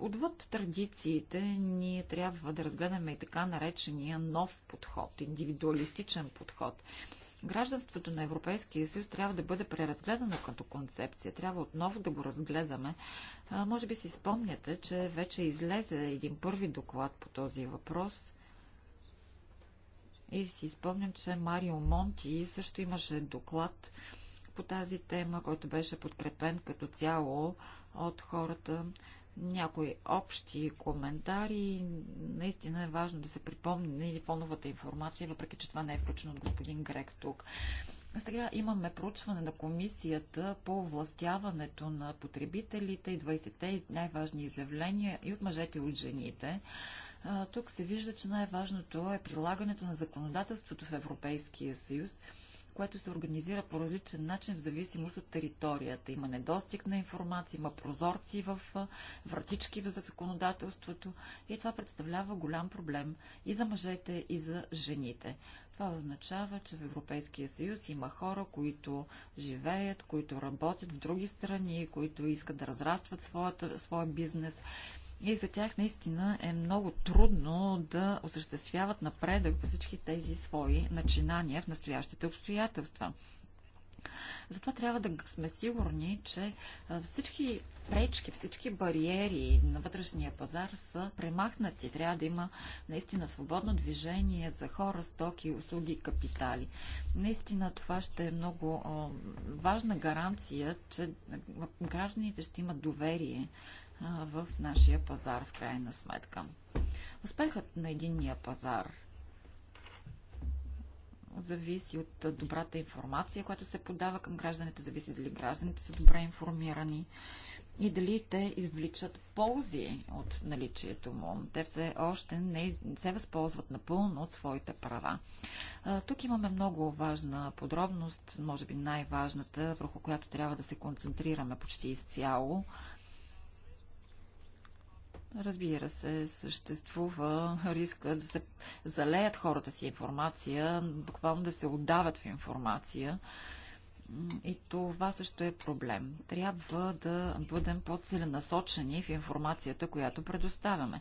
Отвъд традициите ние трябва да разгледаме и така наречения нов подход, индивидуалистичен подход. Гражданството на Европейския съюз трябва да бъде преразгледано като концепция. Трябва отново да го разгледаме. А, може би си спомняте, че вече излезе един първи доклад по този въпрос. И си спомням, че Марио Монти също имаше доклад по тази тема, който беше подкрепен като цяло от хората, някои общи коментари. Наистина е важно да се припомни и фоновата информация, въпреки че това не е включено от господин Грек тук. Сега имаме проучване на комисията по властяването на потребителите и 20-те най-важни изявления и от мъжете и от жените. Тук се вижда, че най-важното е прилагането на законодателството в Европейския съюз – което се организира по различен начин в зависимост от територията. Има недостиг на информация, има прозорци в вратички за законодателството и това представлява голям проблем и за мъжете, и за жените. Това означава, че в Европейския съюз има хора, които живеят, които работят в други страни, които искат да разрастват своята, своя бизнес и за тях наистина е много трудно да осъществяват напредък по всички тези свои начинания в настоящите обстоятелства. Затова трябва да сме сигурни, че всички пречки, всички бариери на вътрешния пазар са премахнати. Трябва да има наистина свободно движение за хора, стоки, услуги, капитали. Наистина това ще е много важна гаранция, че гражданите ще имат доверие в нашия пазар в крайна сметка. Успехът на единния пазар зависи от добрата информация, която се подава към гражданите, зависи дали гражданите са добре информирани и дали те извличат ползи от наличието му. Те все още не се възползват напълно от своите права. Тук имаме много важна подробност, може би най-важната, върху която трябва да се концентрираме почти изцяло – Разбира се, съществува риска да се залеят хората си информация, буквално да се отдават в информация. И това също е проблем. Трябва да бъдем по-целенасочени в информацията, която предоставяме.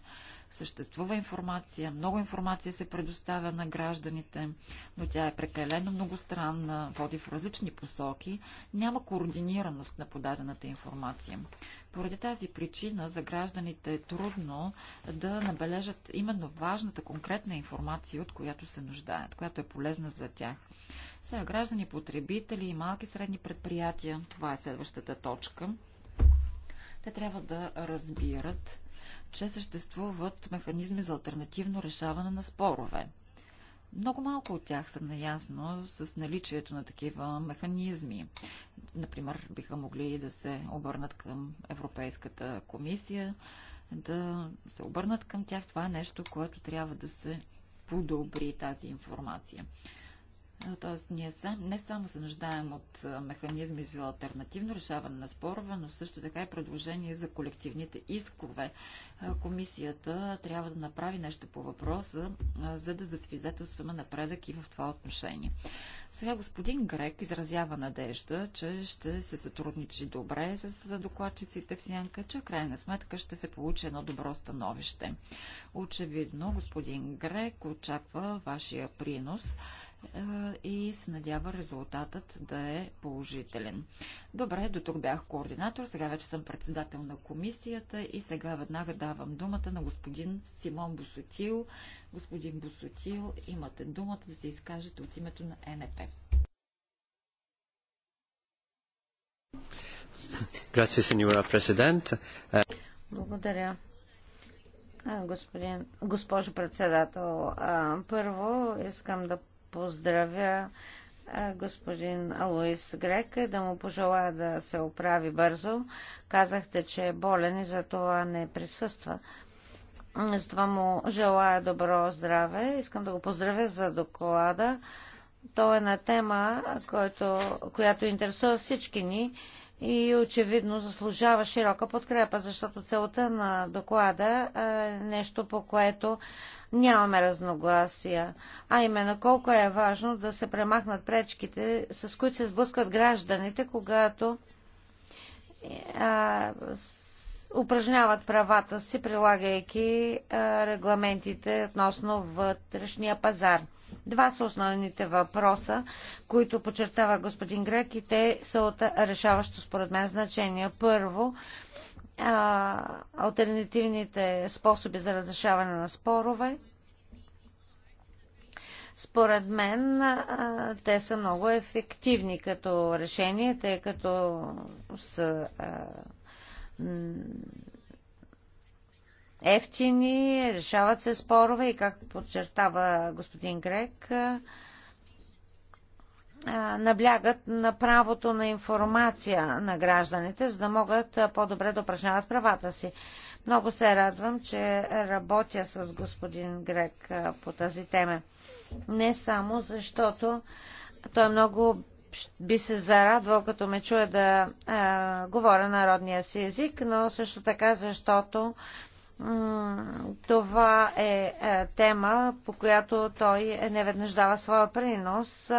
Съществува информация, много информация се предоставя на гражданите, но тя е прекалено многостранна, води в различни посоки, няма координираност на подадената информация. Поради тази причина за гражданите е трудно да набележат именно важната конкретна информация, от която се нуждаят, която е полезна за тях. Сега граждани, потребители и малки средни предприятия, това е следващата точка. Те трябва да разбират че съществуват механизми за альтернативно решаване на спорове. Много малко от тях са наясно с наличието на такива механизми. Например, биха могли да се обърнат към Европейската комисия, да се обърнат към тях. Това е нещо, което трябва да се подобри тази информация. Т.е. ние сам, не само се нуждаем от механизми за альтернативно решаване на спорове, но също така и предложение за колективните искове. Комисията трябва да направи нещо по въпроса, за да засвидетелстваме напредък и в това отношение. Сега господин Грек изразява надежда, че ще се сътрудничи добре с докладчиците в Сянка, че крайна сметка ще се получи едно добро становище. Очевидно, господин Грек очаква вашия принос е, и се надява резултатът да е положителен. Добре, до тук бях координатор, сега вече съм председател на комисията и сега веднага давам думата на господин Симон Босотил. Господин Босотил, имате думата да се изкажете от името на НП. Е, Благодаря, господин, госпожо председател. Първо искам да поздравя господин Луис Грек, да му пожелая да се оправи бързо. Казахте, че е болен и за това не присъства. това му желая добро здраве. Искам да го поздравя за доклада. Той е на тема, която интересува всички ни и очевидно заслужава широка подкрепа, защото целта на доклада е нещо, по което нямаме разногласия, а именно колко е важно да се премахнат пречките, с които се сблъскват гражданите, когато а, упражняват правата си, прилагайки а, регламентите относно вътрешния пазар. Два са основните въпроса, които подчертава господин Грек и те са от решаващо според мен значение. Първо, а, альтернативните способи за разрешаване на спорове. Според мен а, те са много ефективни като решение, тъй като са а, ефтини, решават се спорове и как подчертава господин Грек, наблягат на правото на информация на гражданите, за да могат по-добре да упражняват правата си. Много се радвам, че работя с господин Грек по тази тема. Не само защото той много би се зарадвал, като ме чуе да а, говоря народния си език, но също така, защото това е, е тема, по която той веднъж дава своя принос.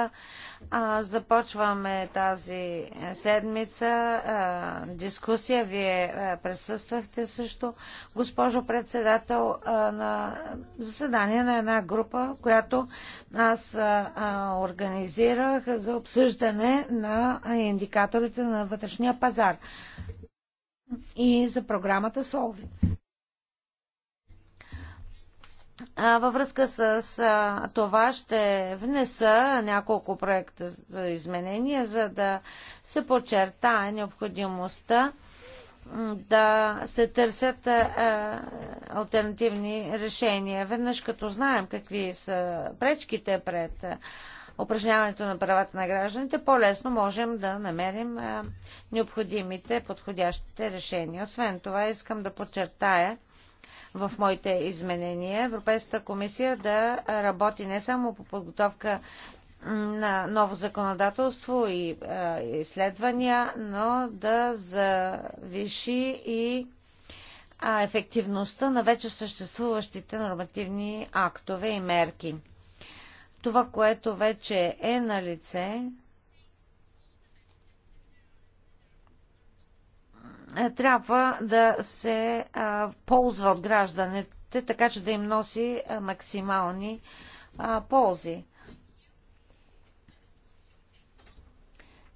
Започваме тази е, седмица е, дискусия. Вие присъствахте също, госпожо председател, на заседание на една група, която аз организирах за обсъждане на индикаторите на вътрешния пазар и за програмата Солви. А, във връзка с а, това ще внеса няколко проекта за изменения, за да се подчертае необходимостта да се търсят а, альтернативни решения. Веднъж като знаем какви са пречките пред упражняването на правата на гражданите, по-лесно можем да намерим а, необходимите подходящите решения. Освен това, искам да подчертая, в моите изменения, Европейската комисия да работи не само по подготовка на ново законодателство и изследвания, но да завиши и ефективността на вече съществуващите нормативни актове и мерки. Това, което вече е на лице, Е, трябва да се е, ползва от гражданите, така че да им носи е, максимални ползи.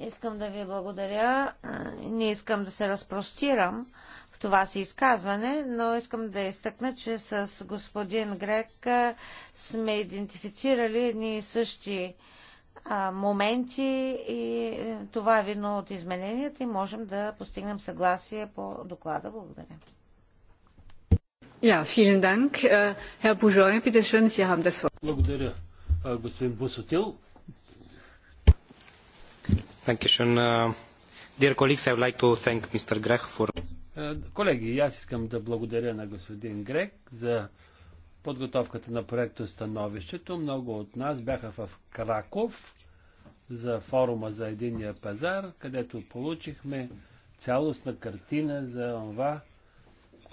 Искам да ви благодаря. Не искам да се разпростирам в това си изказване, но искам да изтъкна, че с господин Грек сме идентифицирали едни и същи моменти и е, това е видно от измененията и можем да постигнем съгласие по доклада. Благодаря. Ja, vielen Dank. Äh, Herr Bourgeois, bitte schön, Sie haben das Wort. Благодаря, господин Бусотил. Dankeschön. Uh, dear colleagues, I would like to thank Mr. Grech for... Е, колеги, аз искам да благодаря на господин Грек за подготовката на проекто становището. Много от нас бяха в Краков за форума за единия пазар, където получихме цялостна картина за това,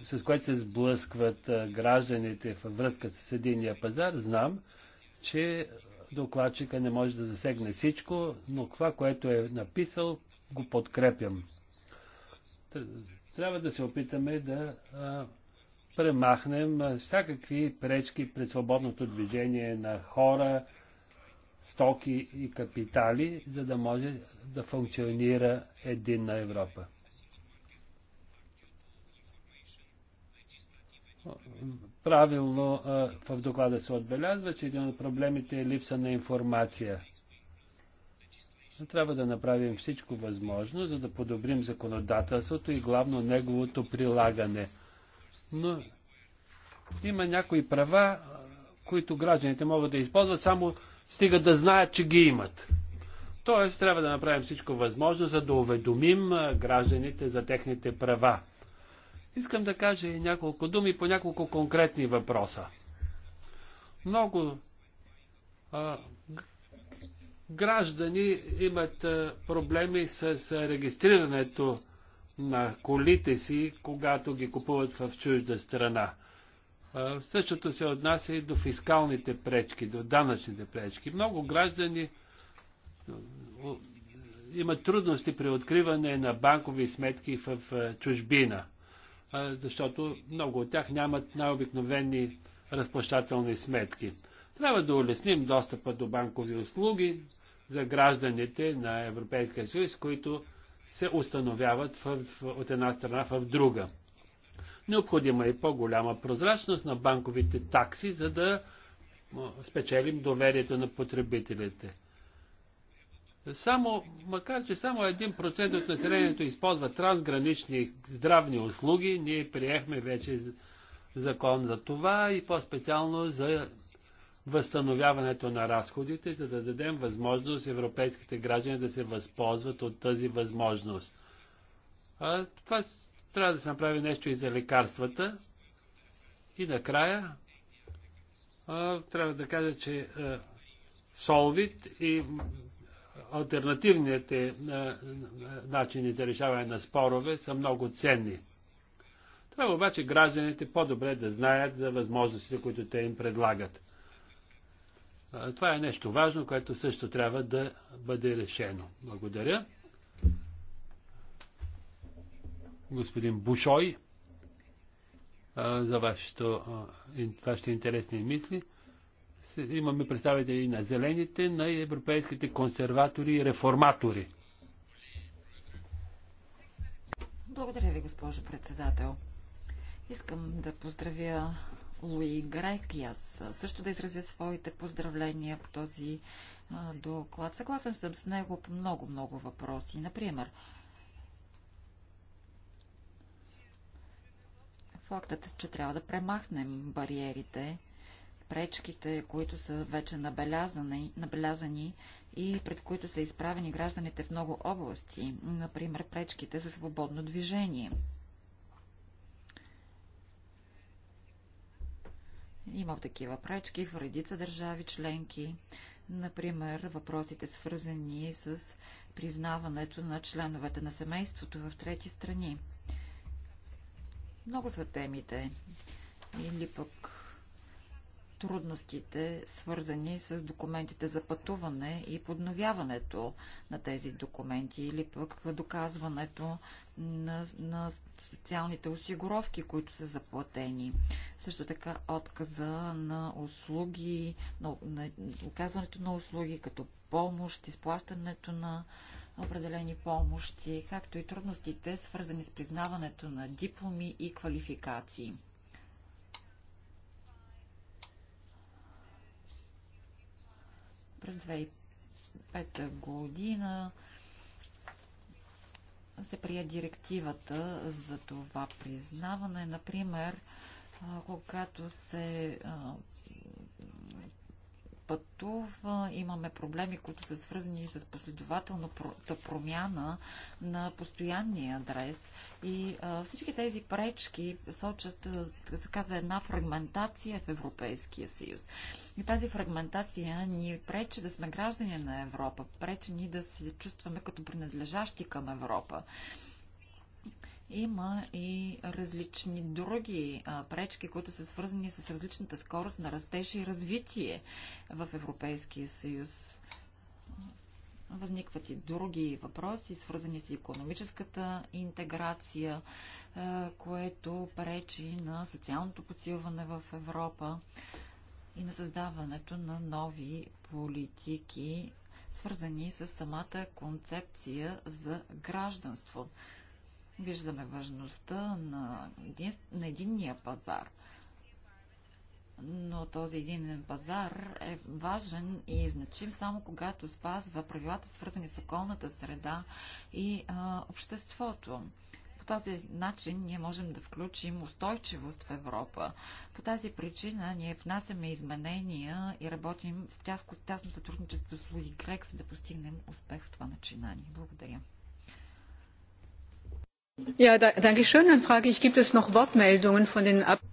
с което се сблъскват гражданите във връзка с единия пазар. Знам, че докладчика не може да засегне всичко, но това, което е написал, го подкрепям. Трябва да се опитаме да премахнем всякакви пречки пред свободното движение на хора, стоки и капитали, за да може да функционира единна Европа. Правилно в доклада се отбелязва, че един от проблемите е липса на информация. трябва да направим всичко възможно, за да подобрим законодателството и главно неговото прилагане – но има някои права, които гражданите могат да използват, само стига да знаят, че ги имат. Тоест, трябва да направим всичко възможно, за да уведомим гражданите за техните права. Искам да кажа и няколко думи по няколко конкретни въпроса. Много а, граждани имат а, проблеми с а, регистрирането на колите си, когато ги купуват в чужда страна. Същото се отнася и до фискалните пречки, до данъчните пречки. Много граждани имат трудности при откриване на банкови сметки в чужбина, защото много от тях нямат най-обикновени разплащателни сметки. Трябва да улесним достъпа до банкови услуги за гражданите на Европейския съюз, които се установяват в, в, от една страна в друга. Необходима е по-голяма прозрачност на банковите такси, за да спечелим доверието на потребителите. Само, макар че само 1% от населението използва трансгранични здравни услуги, ние приехме вече закон за това и по-специално за възстановяването на разходите, за да дадем възможност европейските граждани да се възползват от тази възможност. А, това трябва да се направи нещо и за лекарствата. И накрая а, трябва да кажа, че а, Солвит и альтернативните а, начини за решаване на спорове са много ценни. Трябва обаче гражданите по-добре да знаят за възможностите, които те им предлагат. Това е нещо важно, което също трябва да бъде решено. Благодаря. Господин Бушой, за вашето, вашите интересни мисли. Имаме представители на зелените, на европейските консерватори и реформатори. Благодаря ви, госпожо председател. Искам да поздравя Луи Грек и аз също да изразя своите поздравления по този а, доклад. Съгласен съм с него по много-много въпроси. Например, фактът, че трябва да премахнем бариерите, пречките, които са вече набелязани, набелязани и пред които са изправени гражданите в много области, например пречките за свободно движение – Има такива пречки в редица държави членки. Например, въпросите свързани с признаването на членовете на семейството в трети страни. Много са темите. Или пък трудностите, свързани с документите за пътуване и подновяването на тези документи или пък доказването на, на социалните осигуровки, които са заплатени. Също така отказа на услуги, на, на оказването на услуги като помощ, изплащането на определени помощи, както и трудностите, свързани с признаването на дипломи и квалификации. През 2005 година се прие директивата за това признаване. Например, когато се пътува, имаме проблеми, които са свързани с последователната промяна на постоянния адрес. И всички тези пречки сочат така, за една фрагментация в Европейския съюз. И тази фрагментация ни пречи да сме граждани на Европа, пречи ни да се чувстваме като принадлежащи към Европа. Има и различни други а, пречки, които са свързани с различната скорост на растеж и развитие в Европейския съюз. Възникват и други въпроси, свързани с економическата интеграция, което пречи на социалното подсилване в Европа и на създаването на нови политики, свързани с самата концепция за гражданство. Виждаме важността на, един, на единния пазар. Но този единен пазар е важен и значим само когато спазва правилата, свързани с околната среда и а, обществото този начин ние можем да включим устойчивост в Европа. По тази причина ние внасяме изменения и работим в тясно, тясно сътрудничество с Луи Грек, за да постигнем успех в това начинание. Благодаря.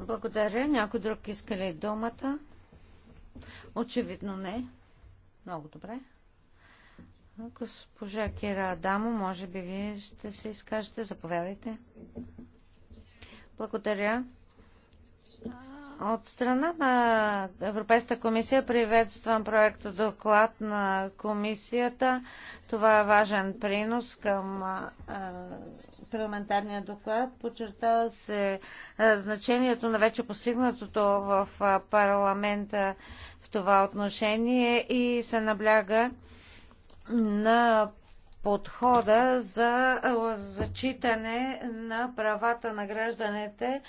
Благодаря. Някой друг иска ли думата? Очевидно не. Много добре. Госпожа Кира Адамо, може би вие ще се изкажете. Заповядайте. Благодаря. От страна на Европейската комисия приветствам проекто доклад на комисията. Това е важен принос към парламентарния доклад. Подчертава се значението на вече постигнатото в парламента в това отношение и се набляга на подхода за зачитане на правата на гражданите,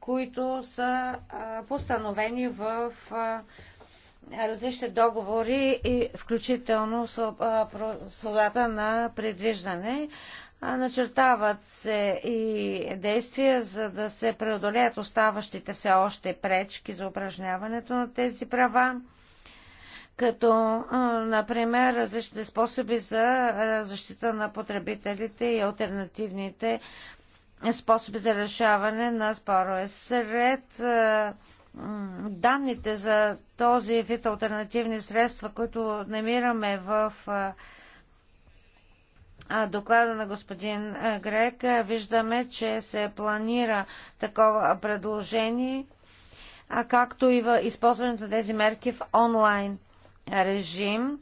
които са постановени в различни договори, и включително свободата на предвиждане. Начертават се и действия, за да се преодолеят оставащите все още пречки за упражняването на тези права като, например, различни способи за защита на потребителите и альтернативните способи за решаване на спорове. Сред данните за този вид альтернативни средства, които намираме в доклада на господин Грек, виждаме, че се планира такова предложение, както и в използването на тези мерки в онлайн режим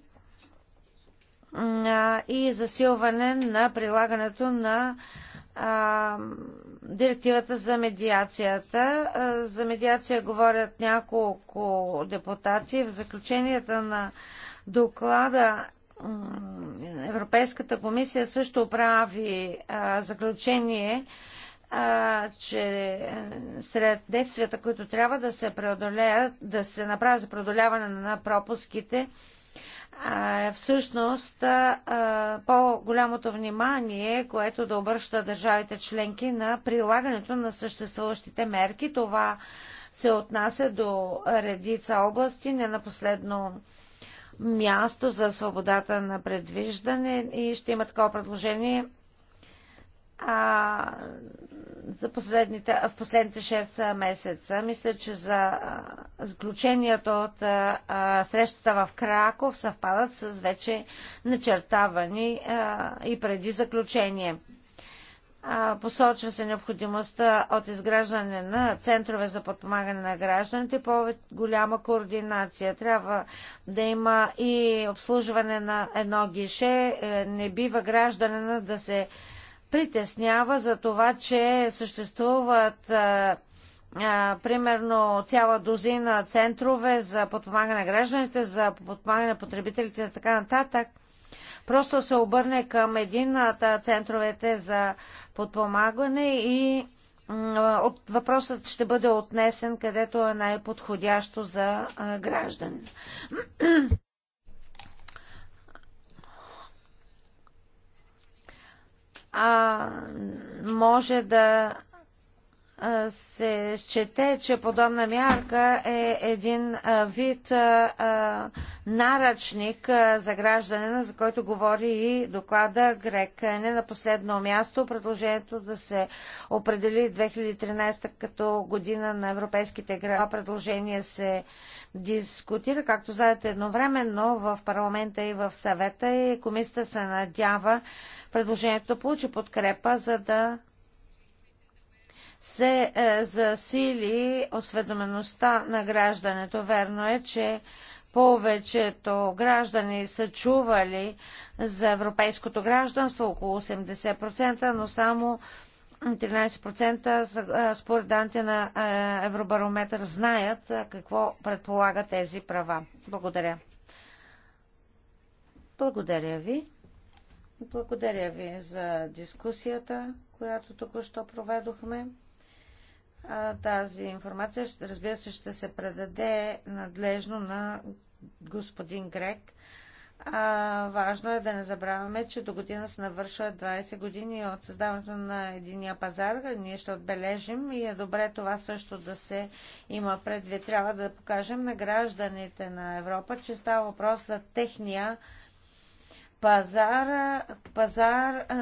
и засилване на прилагането на директивата за медиацията. За медиация говорят няколко депутати. В заключенията на доклада Европейската комисия също прави заключение а, че е, сред действията, които трябва да се преодолеят, да се направят за преодоляване на пропуските, а, е всъщност по-голямото внимание, което да обръща държавите членки на прилагането на съществуващите мерки. Това се отнася до редица области, не на последно място за свободата на предвиждане и ще има такова предложение а, за последните, в последните 6 месеца. Мисля, че за заключението от срещата в Краков съвпадат с вече начертавани и преди заключение. посочва се необходимостта от изграждане на центрове за подпомагане на гражданите по-голяма координация. Трябва да има и обслужване на едно гише. Е, не бива гражданина да се притеснява за това, че съществуват примерно цяла дозина центрове за подпомагане на гражданите, за подпомагане на потребителите и така нататък. Просто се обърне към един от центровете за подпомагане и въпросът ще бъде отнесен където е най-подходящо за граждан. а, може да се счете, че подобна мярка е един вид наръчник за гражданина, за който говори и доклада Грек. Е, не на последно място предложението да се определи 2013 като година на европейските града. Предложение се дискутира, както знаете, едновременно в парламента и в съвета и комисията се надява предложението да получи подкрепа, за да се е, засили осведомеността на граждането. Верно е, че повечето граждани са чували за европейското гражданство, около 80%, но само 13% е, според данните на е, Евробарометър знаят какво предполага тези права. Благодаря. Благодаря ви. Благодаря ви за дискусията, която току-що проведохме. Тази информация, разбира се, ще се предаде надлежно на господин Грек. А, важно е да не забравяме, че до година се навършват 20 години от създаването на единия пазар. Ние ще отбележим и е добре това също да се има предвид. Трябва да покажем на гражданите на Европа, че става въпрос за техния пазар, пазар а,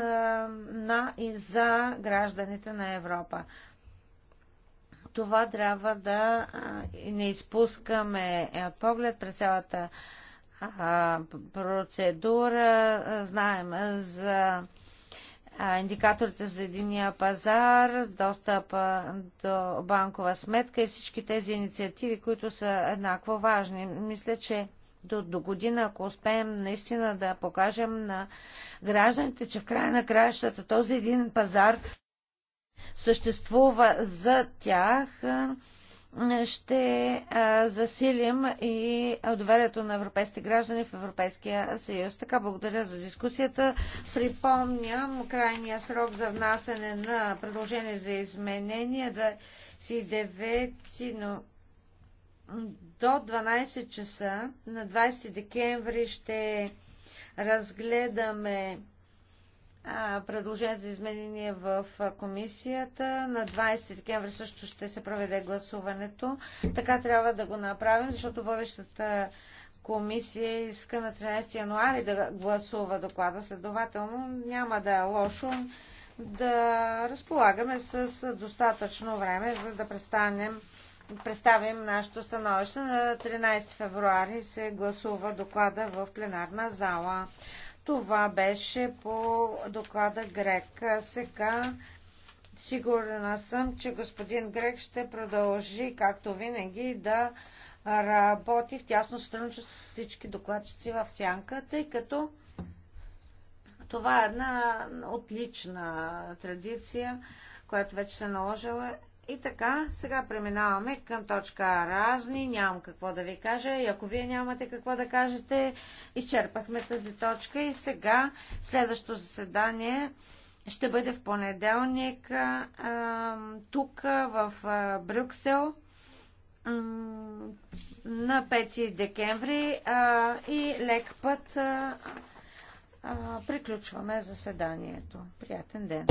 на и за гражданите на Европа. Това трябва да не изпускаме е, от поглед през цялата процедура. Знаем за индикаторите за единия пазар, достъпа до банкова сметка и всички тези инициативи, които са еднакво важни. Мисля, че до, до година, ако успеем наистина да покажем на гражданите, че в края на краищата този един пазар съществува за тях, ще засилим и доверието на европейските граждани в Европейския съюз. Така, благодаря за дискусията. Припомням крайния срок за внасене на предложение за изменение да си 9 но до 12 часа на 20 декември ще разгледаме предложение за изменение в комисията. На 20 декември също ще се проведе гласуването. Така трябва да го направим, защото водещата комисия иска на 13 януари да гласува доклада. Следователно няма да е лошо да разполагаме с достатъчно време, за да представим, представим нашето становище. На 13 февруари се гласува доклада в пленарна зала. Това беше по доклада Грек. Сега сигурна съм, че господин Грек ще продължи, както винаги, да работи в тясно сътрудничество с всички докладчици в сянка, тъй като това е една отлична традиция, която вече се е наложила и така, сега преминаваме към точка разни. Нямам какво да ви кажа. И ако вие нямате какво да кажете, изчерпахме тази точка. И сега следващото заседание ще бъде в понеделник тук в Брюксел на 5 декември и лек път приключваме заседанието. Приятен ден!